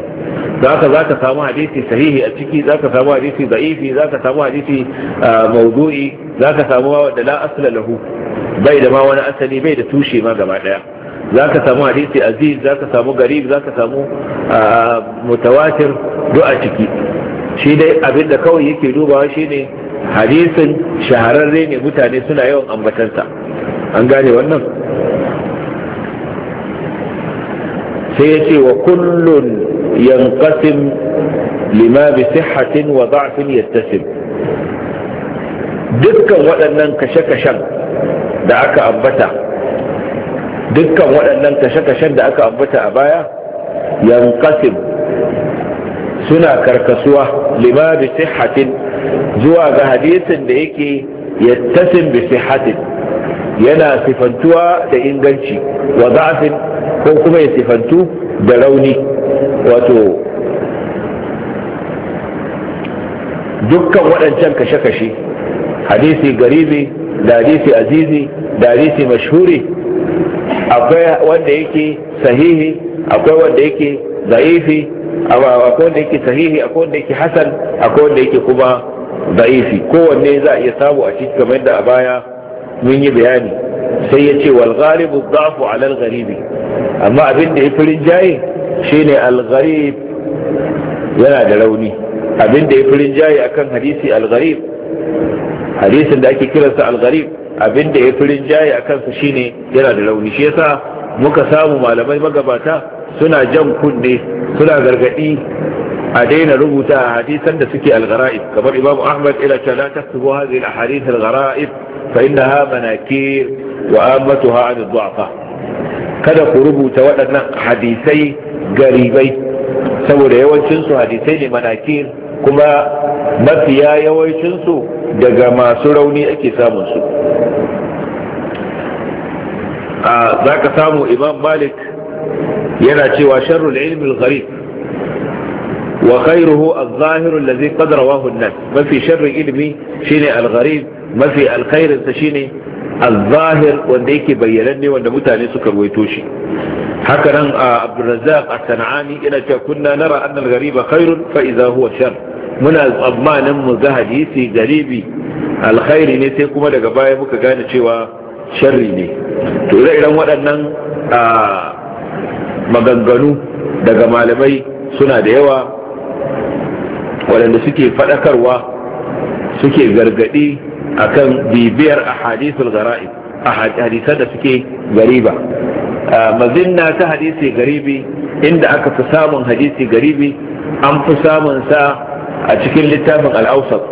da aka za ka samu hadisi sahihi a ciki za ka samu hadisi da'ifi za ka samu hadisi maudu'i za ka samu wanda la asla lahu bai da ma wani asali bai da tushe ma gaba daya za ka samu hadisi aziz za ka samu garib za ka samu mutawatir duk a ciki shi dai abin da kawai yake dubawa shine hadisin shahararre ne mutane suna yawan ambatansa an gane wannan sai ya ce wa kullun ينقسم لما بصحة وضعف يتسم dukkan waɗannan kashe da aka ambata dukkan waɗannan kashe-kashen da aka ambata a baya yankasim suna karkasuwa lima bi zuwa ga hadisin da yake yattasim bi sihhatin yana sifantuwa da inganci wa za'afin ko kuma ya sifantu da rauni wato dukkan waɗancan kashe-kashe hadisi garibi da hadisi azizi da hadisi mashhuri akwai wanda yake sahihi akwai wanda yake za'ifi akwai wanda yake sahihi akwai wanda yake hasan akwai wanda yake kuma za'ifi kowanne za a iya samu a cikin kamar da a baya mun yi bayani sai ya ce wal ghalibu dha'fu 'ala al amma abin da ya fi rinjaye shine al-gharib yana da rauni abinda ya firin jayi akan hadisi al-gharib hadisin da ake kiransa al-gharib abinda ya firin jayi akan sa shine yana da rauni shi yasa muka samu malamai magabata suna jan kunne suna gargadi a daina rubuta hadisan da suke al-ghara'ib kamar Imam Ahmad ila ta la taktubu hadhihi al-ahadith al-ghara'ib fa innaha manakir wa amatuha an duafa kada ku rubuta waɗannan hadisai garibai saboda yawancinsu hadisai ne manakir kuma mafiya yawancinsu daga masu rauni ake samun su za ka samu imam malik yana cewa sharrul ilmin gari wa khairuhu az-zahiru allazi qad rawahu mafi sharrin ilmi shine al mafi alkhairinsa shine al-zahir wanda yake bayyananne wanda mutane suka ruwaito shi haka nan a abdurrazzaq a sana'ani ina cewa kunna na anna al-ghariba khairun fa idza huwa shar muna tsammanin mu ga hadisi garibi alkhairi ne sai kuma daga baya muka gane cewa sharri ne to ire-iren waɗannan maganganu daga malamai suna da yawa waɗanda suke faɗakarwa suke gargaɗi akan bibiyar ahadithul a hadisan da suke gariba mazinna ta hadisi garibi inda aka fi samun hadisi garibi an fi samun sa a cikin littafin al-awsat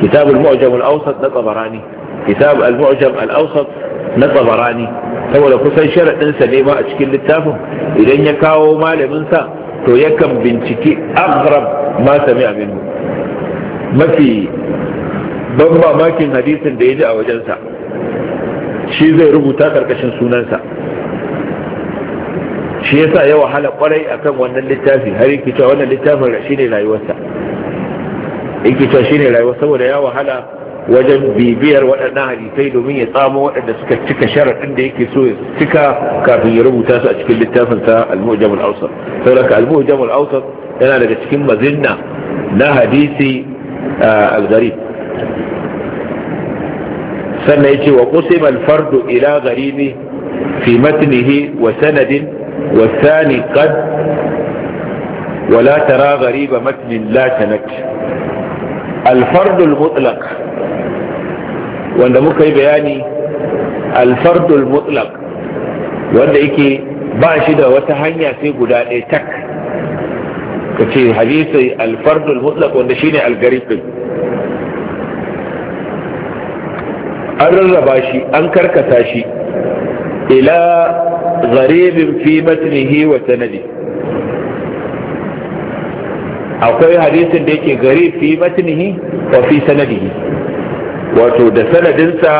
kitab al-mu'jam al-awsat na tabarani kitab al-mu'jam al-awsat na tabarani saboda kusan sharadin sa ne ma a cikin littafin idan ya kawo malamin sa to yakan binciki aghrab ma sami aminu mafi ban mamakin hadisin da ya ji a wajensa shi zai rubuta karkashin sunansa shi yasa ya wahala kwarai akan wannan littafi har yake cewa wannan littafin shine rayuwarsa yake cewa shine rayuwar saboda ya wahala wajen bibiyar waɗannan hadisai domin ya tsamo waɗanda suka cika sharaɗin da yake so ya cika kafin ya rubuta su a cikin littafin sa al-mu'jam al-awsat saboda al-mu'jam al-awsat yana daga cikin mazinna na hadisi al-gharib sannan yace wa qusima al-fardu ila gharibi fi matnihi wa sanadin والثاني قد ولا ترى غريب متن لا تنك الفرد المطلق wanda muka yi bayani alfardul mutlaq wanda yake ba shi da wata hanya sai guda ɗaya tak ka ce hadisai alfardul mutlaq wanda shine algarifin an rarraba shi an karkasa shi ila غريب في متنه وسنده akwai hadisin da yake gari fi matnihi wa fi sanadihi wato da sanadinsa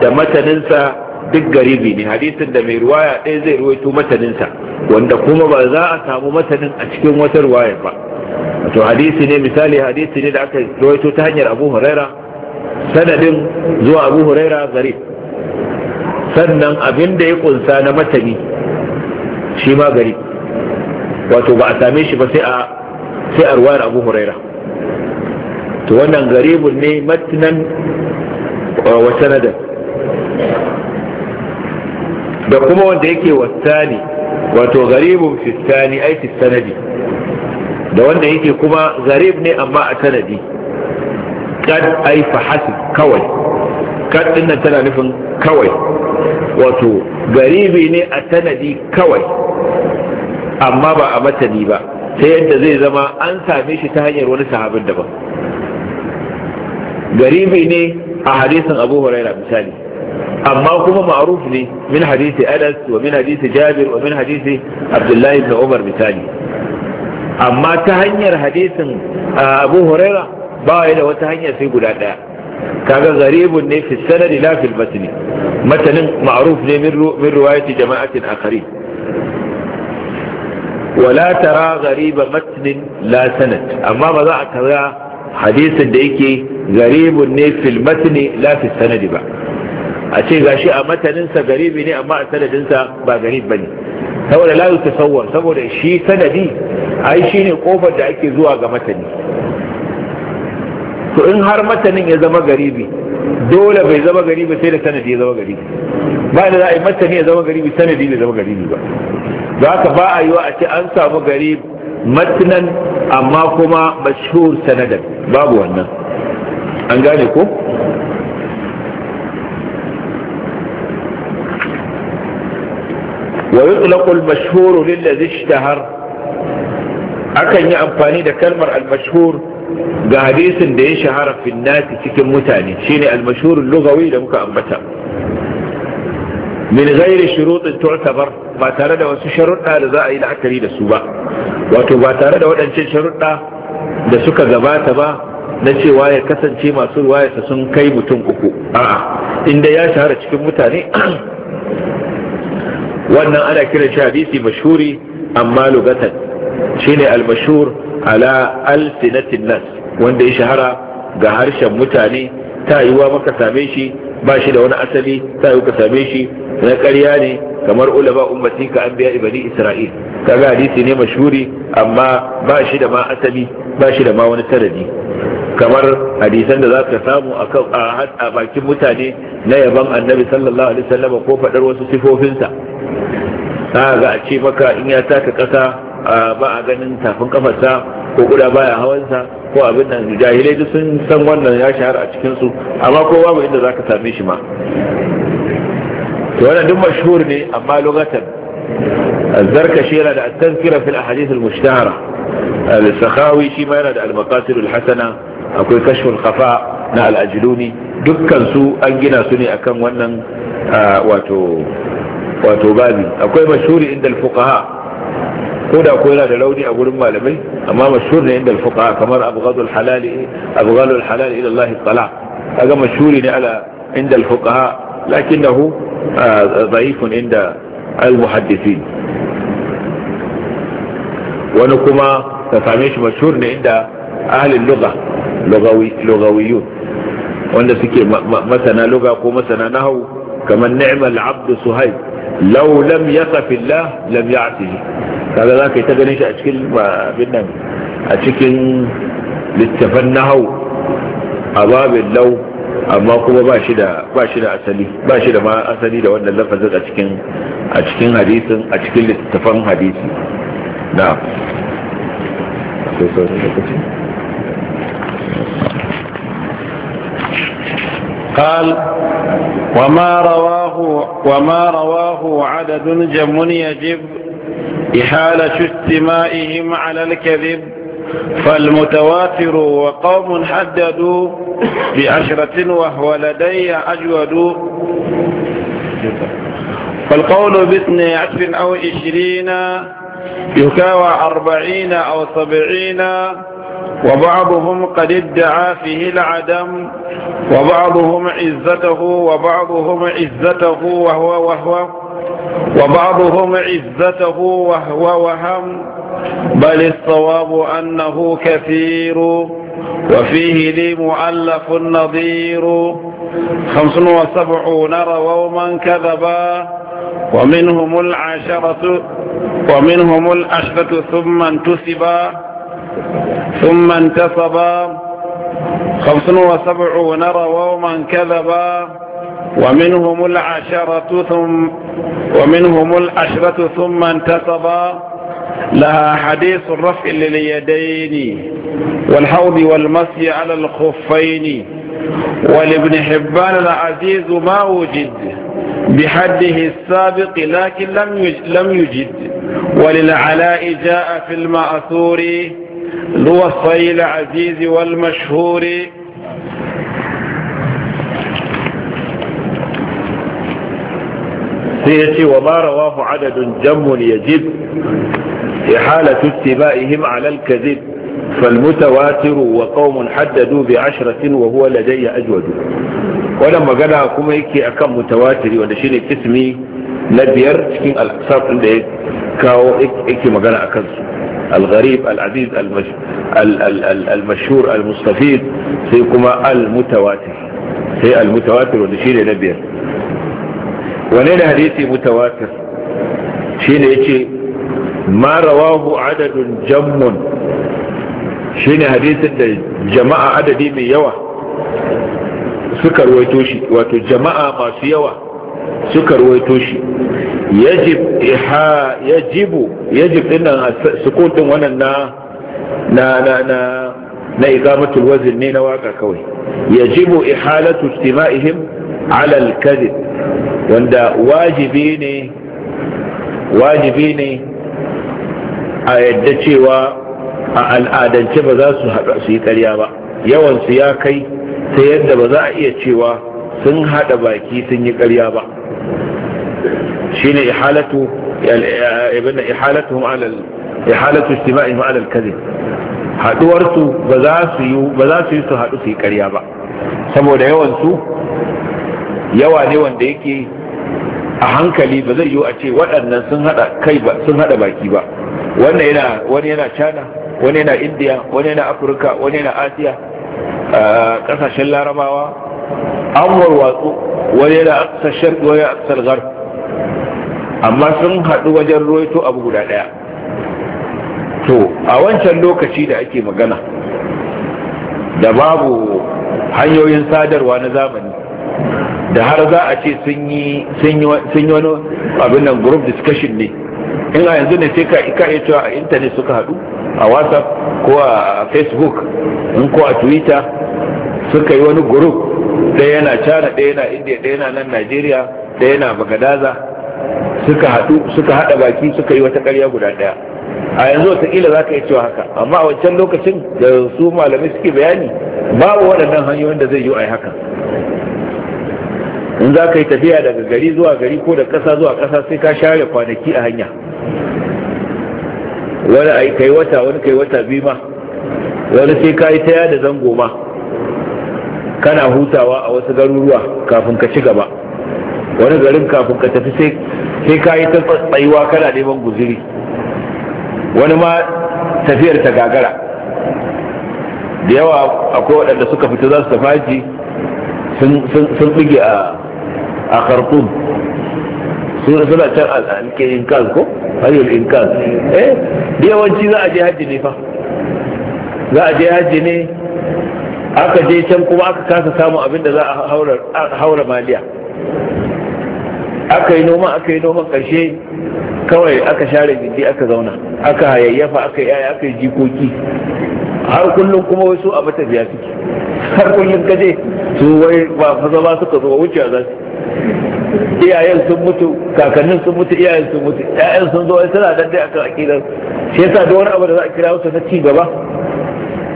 da mataninsa duk garibi ne hadisin da mai ruwaya ɗaya zai ruwaito mataninsa wanda kuma ba za a samu matanin a cikin wata ruwayar ba wato hadisi ne misali hadisi ne da aka ruwaito ta hanyar abu huraira sanadin zuwa abu huraira garib sannan abin da ya kunsa na matani shi ma gari wato ba a same shi ba sai a sai ruwayar abu huraira to wannan garibun ne matinan uh, wa sanadar da kuma wanda yake wasani wato garibun fistani aiki sanadi da wanda yake kuma garib ne amma a sanadi kad ai fahasib kawai kad dinnan tana nufin kawai wato garibi ne a tanadi kawai amma ba a matani ba ta yadda zai zama an same shi ta hanyar wani sahabin daban garibi ne a hadisin abu huraira misali amma kuma ma'ruf ne min hadisi Adas, wa min hadisi jabir wa min hadisi abdullahi ibn umar misali amma ta hanyar hadisin uh, abu huraira ba ya da wata hanyar sai guda daya kaga gharibun ne fi sanadi la fil matni matanin ma'ruf ne min riwayati jama'atin akharin wala tara ghariba matnin la sanad amma ba za a kaza hadisin da yake Garibun ne fil matni la fi sanadi ba a ce gashi a mataninsa garibi ne amma a sanadinsa ba garib bane saboda la yutasawwar saboda shi sanadi ai shine kofar da ake zuwa ga matani to in har matanin ya zama garibi dole bai zama garibi sai da sanadi ya zama garibi ba da za a yi matani ya zama garibi sanadi bai zama garibi ba za ka ba a yi wa a ce an samu gari matinan amma kuma mashhur sanadar babu wannan an gane ko wa yutlaqu al-mashhur lil ladhi ishtahar akan yi amfani da kalmar al-mashhur ga hadisin da ya shahara finnati cikin mutane shine almashhurul lugawi da muka ambata min ghairi shurutin tu'tabar ba tare da wasu sharuɗa da za a yi la'akari da su ba wato ba tare da waɗancan sharuɗa da suka gabata ba na cewa ya kasance masu ruwayarsa sun kai mutum uku a'a inda ya shahara cikin mutane wannan ana kiran shi hadisi mashhuri amma lugatan shine al ala alsinatin nas wanda ya shahara ga harshen mutane ta yiwa maka same shi ba shi da wani asali ta yiwu ka same shi na ƙarya ne kamar ulama ummati ka an biya ibani isra'il kaga hadisi ne mashuri amma ba shi da ma asali ba shi da ma wani sanadi kamar hadisan da za ka samu a bakin mutane na yaban annabi sallallahu alaihi wasallam ko faɗar wasu sifofinsa ga a ce maka in ya taka ƙasa ba a ganin tafin kafarsa ko kuda baya hawan sa ko abin nan jahilai duk sun san wannan ya shahara a cikin su amma kowa babu inda za ka same shi ba. to wannan duk mashhur ne amma yana da يرى التذكرة في الأحاديث المشتهرة السخاوي شيما يرى المقاصد الحسنة أو كشف الخفاء na al'ajiluni dukkansu an gina su ne akan wannan wato babi akwai mashuri inda alfuqaha ko da ko yana da rauni a gurin malamai amma mashhur ne inda alfuqa kamar abghadul halali abghadul halali ila Allah talaq kaga mashhuri ne ala inda alfuqa lakinnahu ah, dhaifun inda almuhaddisin wani kuma ka same shi mashhur ne inda ahlul lugha lugawi lugawiyun wanda suke masana lugha ko masana nahwu kamar ni'mal abd suhaib Lau lam yaqaf Allah lam ya ya'tihi kaga zaka yi ta ganin shi a cikin babin nan a cikin littafan hau, a babin lau, amma kuma ba shi da ba shi da asali ba shi da ma asali da wannan lafazin a cikin a cikin hadisin a cikin littafan hadisi na'am قال وما رواه وما رواه عدد جم يجب إحالة استمائهم على الكذب فالمتواتر وقوم حددوا بعشرة وهو لدي أجود فالقول باثني عشر أو عشرين يكاوى أربعين أو سبعين وبعضهم قد ادعى فيه العدم وبعضهم عزته وبعضهم عزته وهو وهو وبعضهم عزته وهو وهم بل الصواب أنه كثير وفيه لي مؤلف نظير خمس وسبعون من كذبا ومنهم العشرة ومنهم العشرة ثم انتسبا ثم انتصب خمس وسبعون رواما كذبا ومنهم العشرة ثم ومنهم العشرة ثم انتصب لها حديث الرفع لليدين والحوض والمسي على الخفين ولابن حبان العزيز ما وجد بحده السابق لكن لم يجد وللعلاء جاء في المأثور ذو العزيز والمشهور سيتي وما رواه عدد جم يجب إحالة اتبائهم على الكذب فالمتواتر وقوم حددوا بعشرة وهو لدي أجود ولما قال كما يكي أكم متواتر ونشيني كسمي نبير كين الأقصاد عندي كاو إكي مقال أكنسو al-gharib al-aziz sai kuma al-mutawatir sai al-mutawatir wanda shine na biyar wane ne hadisi mutawatir shine yace ma rawahu adadun jammun shine hadisin da jama'a adadi mai yawa shi wato jama'a masu yawa suka ruwaito shi yajib iha yajibu yajib din nan sukutin wannan na na na na na ne na waka kawai yajibu ihalatu istima'ihim ala al-kadhib wanda wajibi ne wajibi ne a yadda cewa a al'adance ba za su haɗa su yi ƙarya ba yawansu ya kai ta yadda ba za a iya cewa sun haɗa baki sun yi ƙarya ba shine ihalatu eh, ibn ihalatuhum ala ihalatu istima'ihim ala al-kadhib haduwarsu ba za su yi ba za su yi su hadu su yi ba saboda yawan su yawa ne wanda yake a hankali ba zai yi a ce waɗannan sun hada kai ba baki ba wannan yana wani yana China wani yana India wani yana Afirka wani yana Asiya kasashen eh, Larabawa wani yana aksar amma sun haɗu wajen roito abu guda ɗaya to a wancan lokaci da ake magana da babu hanyoyin sadarwa na zamani da har za a ce sun yi wani abin nan group discussion ne in a yanzu ne sai ka iya cewa a intanet suka haɗu a whatsapp ko a facebook in ko a twitter suka yi wani group ɗaya yana cana ɗaya yana india ɗaya yana nan najeriya ɗaya yana bagadaza suka haɗu suka haɗa baki suka yi wata ƙarya guda ɗaya a yanzu wataƙila za ka yi cewa haka amma a wancan lokacin da su malamai suke bayani babu waɗannan hanyoyin da zai yi a haka in za ka yi tafiya daga gari zuwa gari ko da ƙasa zuwa ƙasa sai ka share kwanaki a hanya wani a yi kai wata wani kai wata biyu ma wani sai ka yi ta yada zango ma kana hutawa a wasu garuruwa kafin ka ci gaba wani garin kafin ka tafi sai sai ka yi ta tsayuwa kana neman guziri wani ma tafiyar ta gagara da yawa akwai waɗanda suka fita za su tafi haji sun bige a karkun sun suna can alƙin inkaz ko hanyar inkaz eh da yawanci za a je haji ne fa za a je haji ne aka je can kuma aka kasa samun abin da za a haura maliya aka yi noma aka yi noman ƙarshe kawai aka share gindi aka zauna aka hayayyafa aka yaya aka yi jikoki har kullum kuma wasu a matafiya suke har kullum kaje su wai ba fa zama suka zo wuce za su iyayen sun mutu kakannin sun mutu iyayen sun mutu iyayen sun zo suna dan dai akan akidar shi yasa duk wani abu da za a kira wasu na ci gaba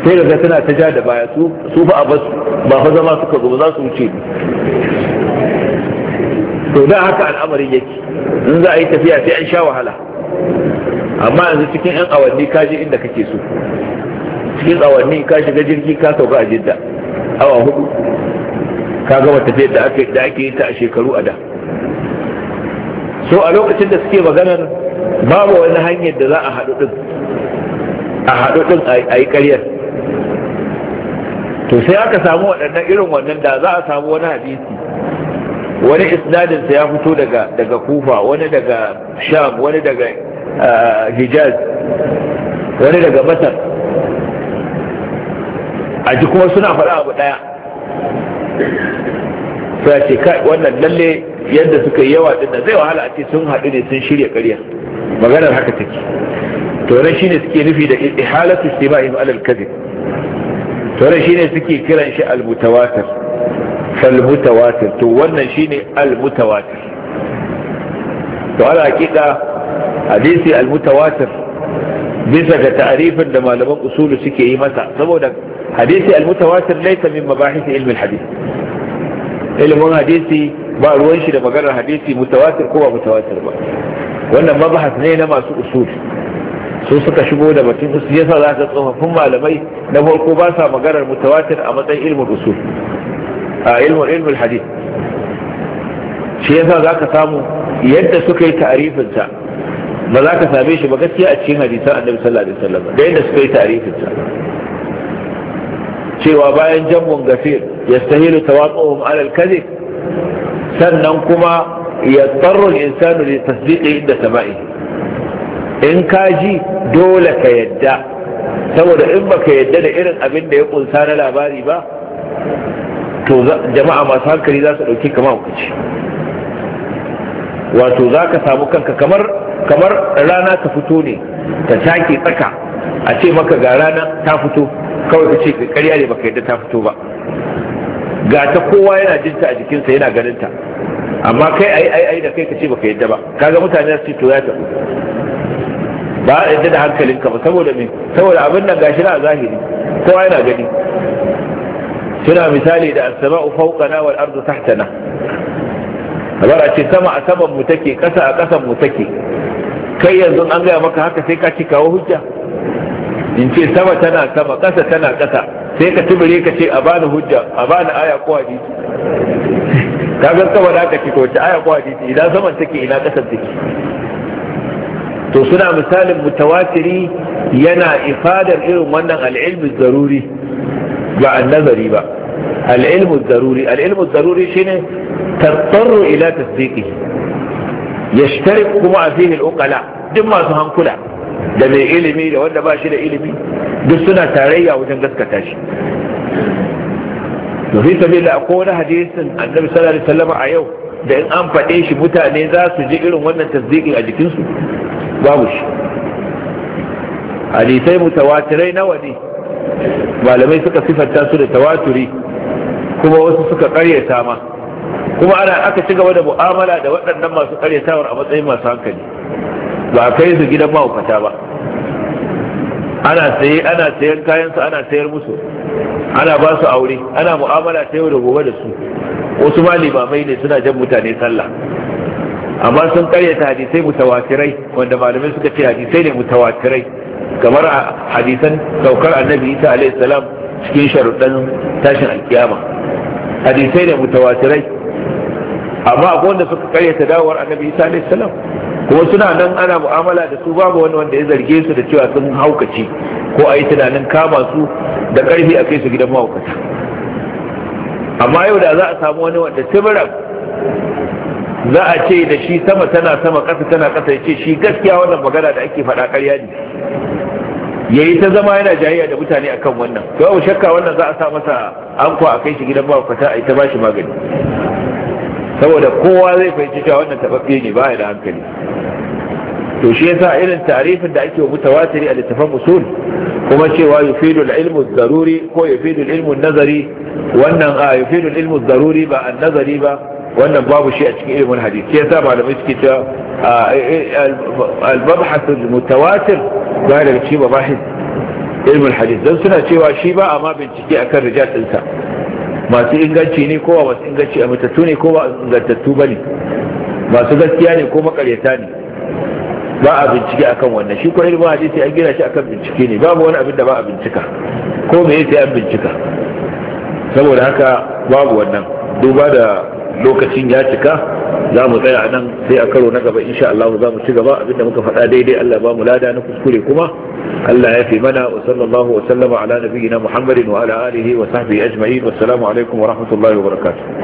sai daga suna ta ja da baya su fa a basu ba fa zama suka zo za su wuce to da haka al'amarin yake in za a yi tafiya sai an sha wahala amma yanzu cikin 'yan awanni ka je inda kake so cikin awanni ka shiga jirgi ka sauka a jidda awa hudu ka gama tafiyar da ake da ake yi ta a shekaru a da so a lokacin da suke maganar babu wani hanyar da za a haɗu din a haɗu din a yi ƙaryar to sai aka samu waɗannan irin wannan da za a samu wani hadisi wani isnadinsa ya fito daga daga kufa wani daga sham wani daga hijaz wani daga masar a ji kuma suna faɗa abu ɗaya sai ce kai wannan lalle yadda suka yi yawa din da zai wahala a ce sun haɗu ne sun shirya ƙarya maganar haka take to nan shine suke nufi da ihalatu istiba'in alal kadhib to nan shine suke kiran shi al-mutawatir falmutawatir to wannan shine almutawatir to ala hakika hadisi almutawatir bisa ga ta'arifin da malaman usulu suke yi masa saboda hadisi almutawatir laysa min mabahith ilmi alhadith ilmin hadisi ba ruwan shi da maganar hadisi mutawatir ko ba mutawatir ba wannan mabahas ne na masu usul su suka shigo da batun usul yasa za ka tsofaffin malamai na farko ba sa maganar mutawatir a matsayin ilmin usul a ilmul ilmul hadith shi yasa za ka samu yadda suka yi ta'arifinsa ba za ka same shi ba gaskiya a cikin hadisan annabi sallallahu alaihi wasallam da yadda suka yi ta'arifinsa cewa bayan jamun gafir yastahilu tawaquhum ala al-kadhib sannan kuma yadtarru al-insanu li tasdiqi inda sama'i in ka ji dole ka yadda saboda in baka yadda da irin abin da ya kunsa na labari ba to jama'a masu hankali za su ɗauki kama ce wato za ka samu kanka kamar kamar rana ta fito ne ta take tsaka a ce maka ga rana ta fito kawai ka ce karya ne baka yadda ta fito ba ga ta kowa yana jinta a jikinsa yana ganinta amma kai ai ai ai da kai ka ce baka yadda ba kaga mutane su ce to ya tafi ba a yadda da hankalinka ba saboda me saboda abin nan gashi na zahiri kowa yana gani suna misali da as-sama'u fawqana wal ardu tahtana kamar a ce sama a saman mu take kasa a kasan mu take kai yanzu an gaya maka haka sai ka ci kawo hujja in ce sama tana sama kasa tana kasa sai ka tubure ka ce a bani hujja a bani aya ko hadisi ka ga sama da haka ce ko wace aya ko hadisi idan saman take ina kasan take to suna misalin mutawatiri yana ifadar irin wannan al'ilmi zaruri ba a nazari ba Al'ilmu daruri. Al'ilmu daruri shi ne ad ila shine Ya ila tasdiqihi yashtarik kuma fihi al-uqala duk masu hankula da mai ilimi da wanda ba shi da ilimi duk suna tarayya wajen gaskata shi to fi sabila akwai wani hadisin annabi sallallahu alaihi wasallam a yau da in an faɗe shi mutane za su ji irin wannan tasdiqin a jikinsu babu shi hadisai mutawatirai nawa ne malamai suka sifanta su da tawaturi kuma wasu suka karyata ma kuma ana aka ci gaba da mu'amala da waɗannan masu karyatawar a matsayin masu hankali ba a kai su gidan mahaukata ba ana saye ana sayan kayan ana sayar musu ana ba su aure ana mu'amala ta yau da gobe da su wasu ma limamai ne suna jan mutane sallah amma sun karyata hadisai mutawatirai wanda malamai suka ce hadisai ne mutawatirai kamar a hadisan saukar annabi isa alaihi salam cikin sharuɗan tashin alkiyama hadisai da mutawatirai amma akwai wanda suka karyata dawowar annabi isa alaihi salam kuma suna nan ana mu'amala da su babu wani wanda ya zarge su da cewa sun haukaci ko a yi tunanin kama su da karfi a kai su gidan mahaukata amma yau da za a samu wani wanda tibiran za a ce da shi sama tana sama ƙasa tana ƙasa ya ce shi gaskiya wannan magana da ake faɗa ƙarya ne ya yi ta zama yana jayayya da mutane akan wannan babu shakka wannan za a sa masa anko a kai shi gidan mahaukata a ita ba shi magani saboda kowa zai fahimci cewa wannan taɓaɓɓe ne ba ya da hankali to shi yasa irin tarifin da ake mutawatiri a littafan usul kuma cewa yufidu al-ilmu daruri ko yufidu al-ilmu nazari wannan a yufidu al-ilmu daruri ba an-nazari ba wannan babu shi a cikin ilimin hadisi sai yasa malamai suke cewa al-mabhath al-mutawatir ba daga cikin mabahis ilimin hadisi dan suna cewa shi ba a ma bincike akan rijal ɗinsa masu inganci ne ko masu inganci a matattu ne ko ba ingantattu ba masu gaskiya ne ko makaryata ne ba a bincike akan wannan shi ko ilimin hadisi an gina shi akan bincike ne babu wani abin da ba a bincika ko me yake an bincika saboda haka babu wannan duba da lokacin ya cika za mu tsaya nan sai a karo na gaba insha Allah za mu ci gaba abinda muka faɗa daidai Allah ba mu lada na kuskure kuma Allah ya fi mana wa sallallahu wa sallama ala nabiyyina Muhammadin wa ala alihi wa sahbihi ajma'in wassalamu alaikum wa rahmatullahi wa barakatuh